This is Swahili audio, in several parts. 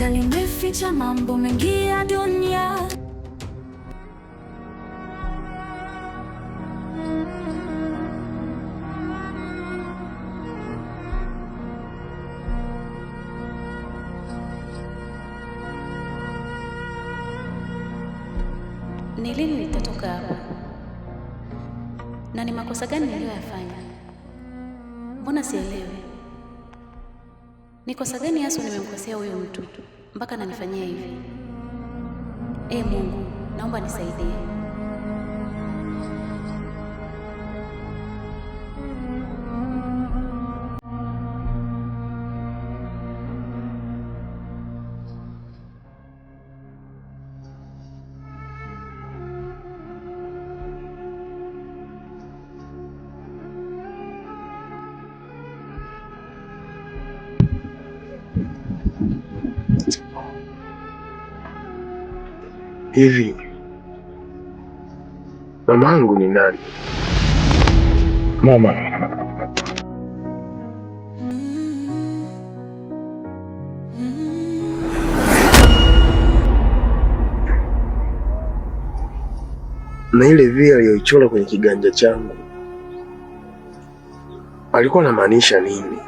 Jificha limeficha mambo mengi ya dunia. Ni lini nitatoka hapa na ni makosa gani niliyoyafanya? Mbona sielewi? Ni kosa gani hasa nimemkosea huyu mtu mpaka ananifanyia hivi? Ee Mungu, naomba nisaidie. Hivi mamangu ni nani? Mama, na ile via aliyoichora kwenye kiganja changu alikuwa anamaanisha nini?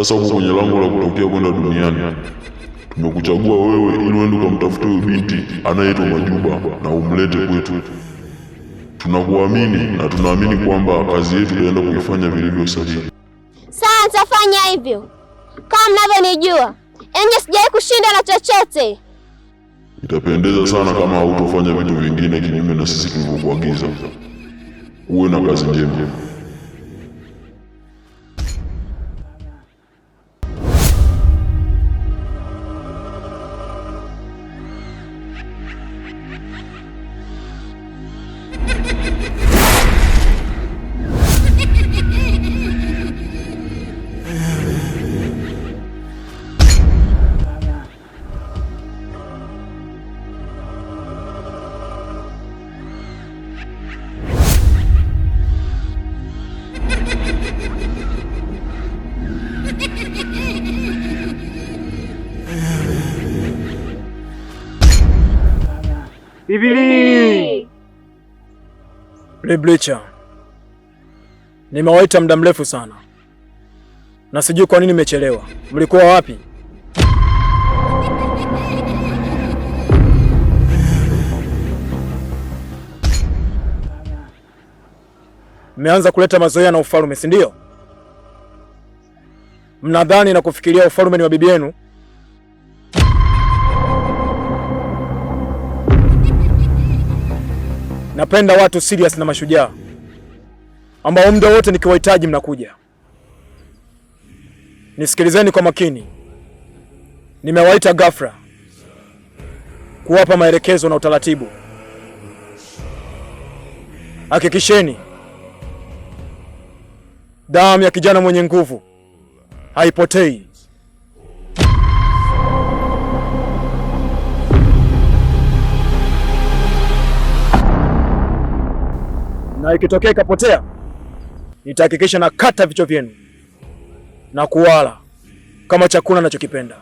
Sasa huko kwenye lango la kutokea kwenda duniani tumekuchagua wewe ili uende ukamtafute huyo binti anayeitwa Majuba na umlete kwetu. Tunakuamini na tunaamini kwamba kazi yetu itaenda kuifanya vilivyo sahihi. Sasa tafanya hivyo. Kama mnavyonijua, enye sijawahi kushinda na chochote. Itapendeza sana kama hautofanya vitu vingine kinyume na sisi tulivyokuagiza. Uwe na kazi njema. Bibili. Le Bleacher. Nimewaita muda mrefu sana na sijui kwa nini nimechelewa. Mlikuwa wapi? Mmeanza kuleta mazoea na ufalume, si ndio? Mnadhani na kufikiria ufalume ni wa bibi yenu Napenda watu serious na mashujaa ambao muda wote nikiwahitaji mnakuja. Nisikilizeni kwa makini, nimewaita ghafla kuwapa maelekezo na utaratibu. Hakikisheni damu ya kijana mwenye nguvu haipotei. na ikitokea ikapotea, nitahakikisha na kata vichwa vyenu na kuwala kama chakula nachokipenda.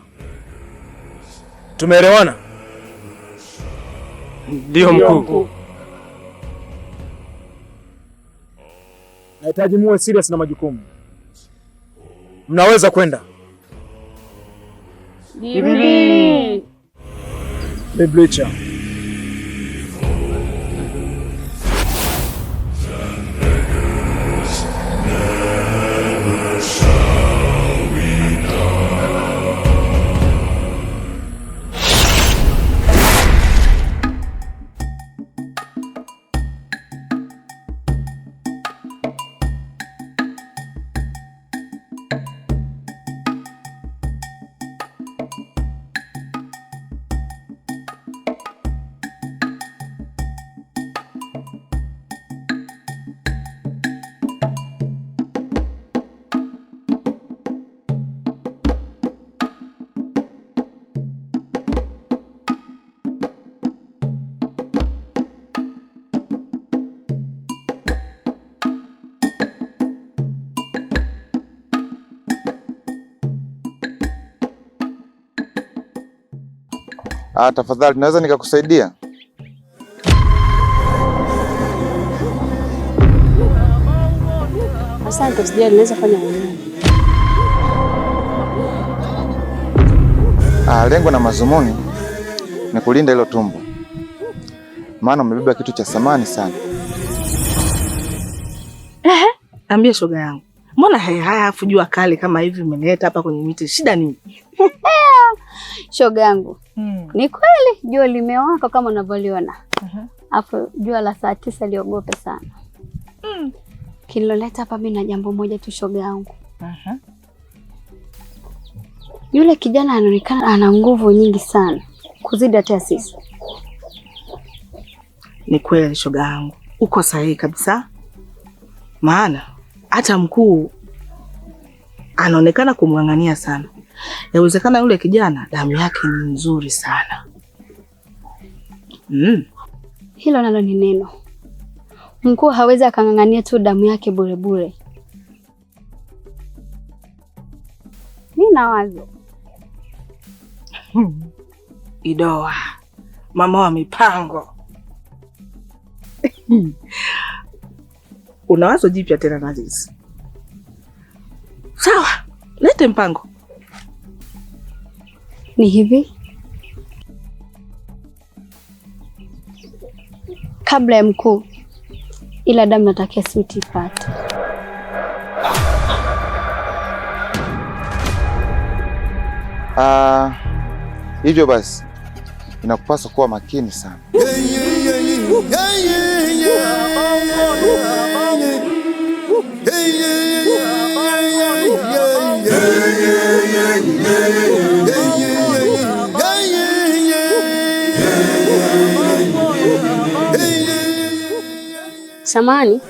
Tumeelewana? Ndio mkuu. Nahitaji muwe serious na majukumu. Mnaweza kwenda. Biblia. Biblia. Ah, tafadhali naweza nikakusaidia? Asante, sijali, naweza fanya mwenyewe. Ah, lengo na mazumuni ni kulinda hilo tumbo, maana umebeba kitu cha thamani sana. Ehe, ambia shoga yangu, mbona haya haya afu jua kali kama hivi umenileta hapa kwenye miti, shida nini? shoga yangu hmm. Ni kweli jua limewaka kama unavyoliona hapo uh -huh. Jua la saa tisa liogope sana hmm. Kililoleta hapa mimi na jambo moja tu shoga yangu uh -huh. Yule kijana anaonekana ana nguvu nyingi sana kuzidi hata sisi. Ni kweli shoga yangu, uko sahihi kabisa, maana hata mkuu anaonekana kumwangania sana Yawezekana yule kijana damu yake ni nzuri sana. Mm. Hilo nalo ni neno. Mkuu hawezi akang'ang'ania tu damu yake burebure. Mi na wazo hmm. Idoa mama wa mipango hmm. una wazo jipya tena Nazizi? Sawa, lete mpango ni hivi. Kabla ya mkuu, ila damu natakia suti ipate. hivyo basi inakupaswa kuwa makini sana. samani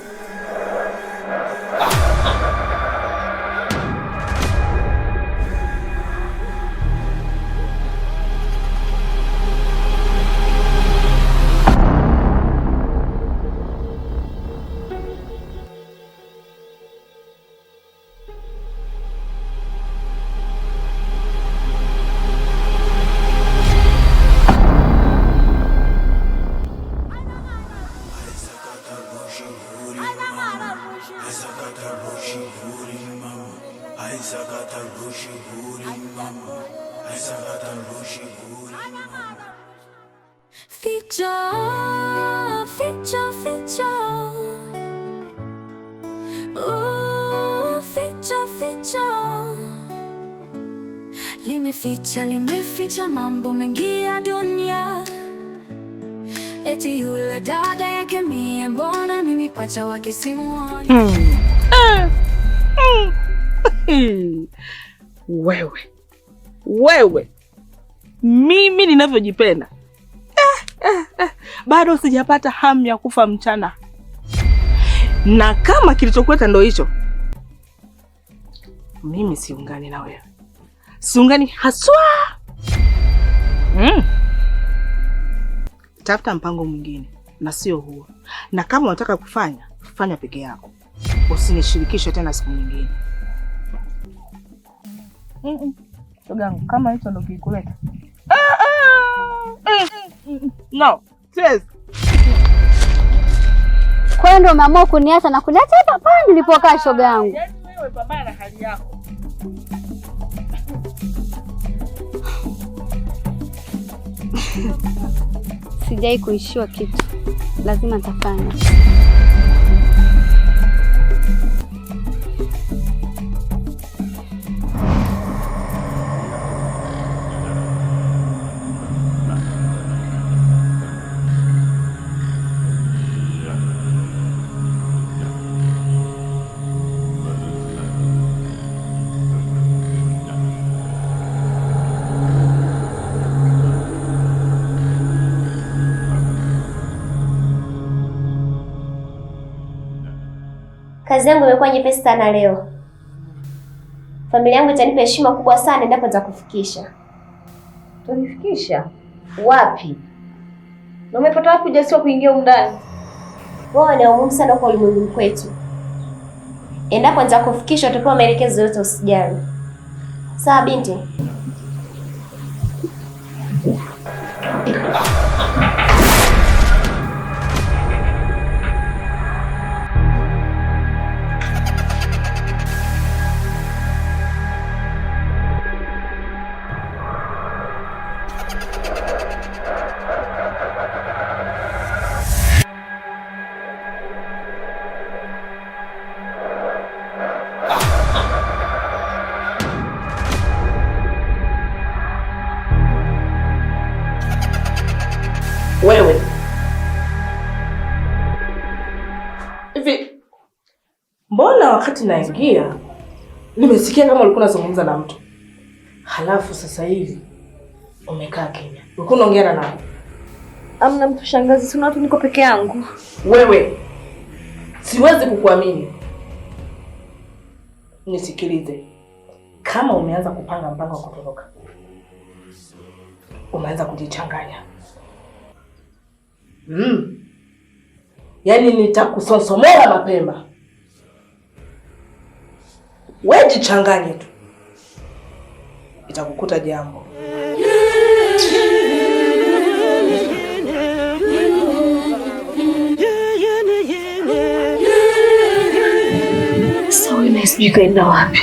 Ficha, ficha, ficha. Oh, ficha, ficha. Limeficha, limeficha mambo mengi ya dunia. Eti yule dada yake mie, mbona mimi pacha wake simuoni? Hmm. Eh. Hmm. Wewe, wewe mimi ninavyojipenda eh, eh, eh. Bado sijapata hamu ya kufa mchana, na kama kilichokueta ndo hicho, mimi siungani na wewe, siungani haswa mm. Tafuta mpango mwingine na sio huo, na kama unataka kufanya fanya peke yako, usinishirikishe tena siku nyingine. mm -mm. Shogangu, kama hicho ndo kikuleta No, siwezi. Kwa hiyo ndio umeamua kuniacha na kuniacha hapa pale nilipokaa, shoga ah, yangu. Yaani wewe pambana na hali yako. Sijai kuishiwa kitu, lazima nitafanya. kazi yangu imekuwa nyepesi sana leo. Familia yangu itanipa heshima kubwa sana endapo nitakufikisha. Tunifikisha wapi? Na umepata wapi ujasiri wa kuingia huko ndani? Wewe ni muhimu sana kwa ulimwengu kwetu. Endapo nitakufikisha utapewa maelekezo yote, usijali. Sawa binti. wakati naingia nimesikia kama ulikuwa unazungumza na mtu, halafu sasa hivi umekaa kimya. Ulikuwa unaongea na nani? Amna mtu shangazi, si watu, niko peke yangu. Wewe siwezi kukuamini. Nisikilize, kama umeanza kupanga mpango wa kutoroka, umeanza kujichanganya mm. Yaani nitakusonsomola mapema wewe jichanganye tu, itakukuta jambo. Sasa wewe unaisijukaenda wapi?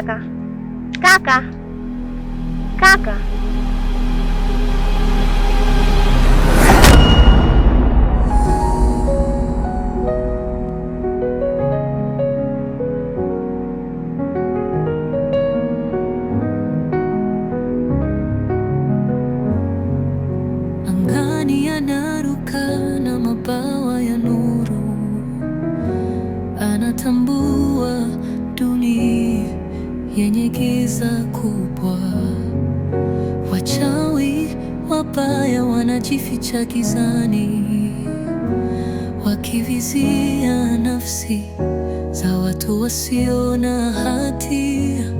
Kaka, kaka, kaka. yenye giza kubwa. Wachawi wabaya wanajificha gizani, wakivizia nafsi za watu wasio na hatia.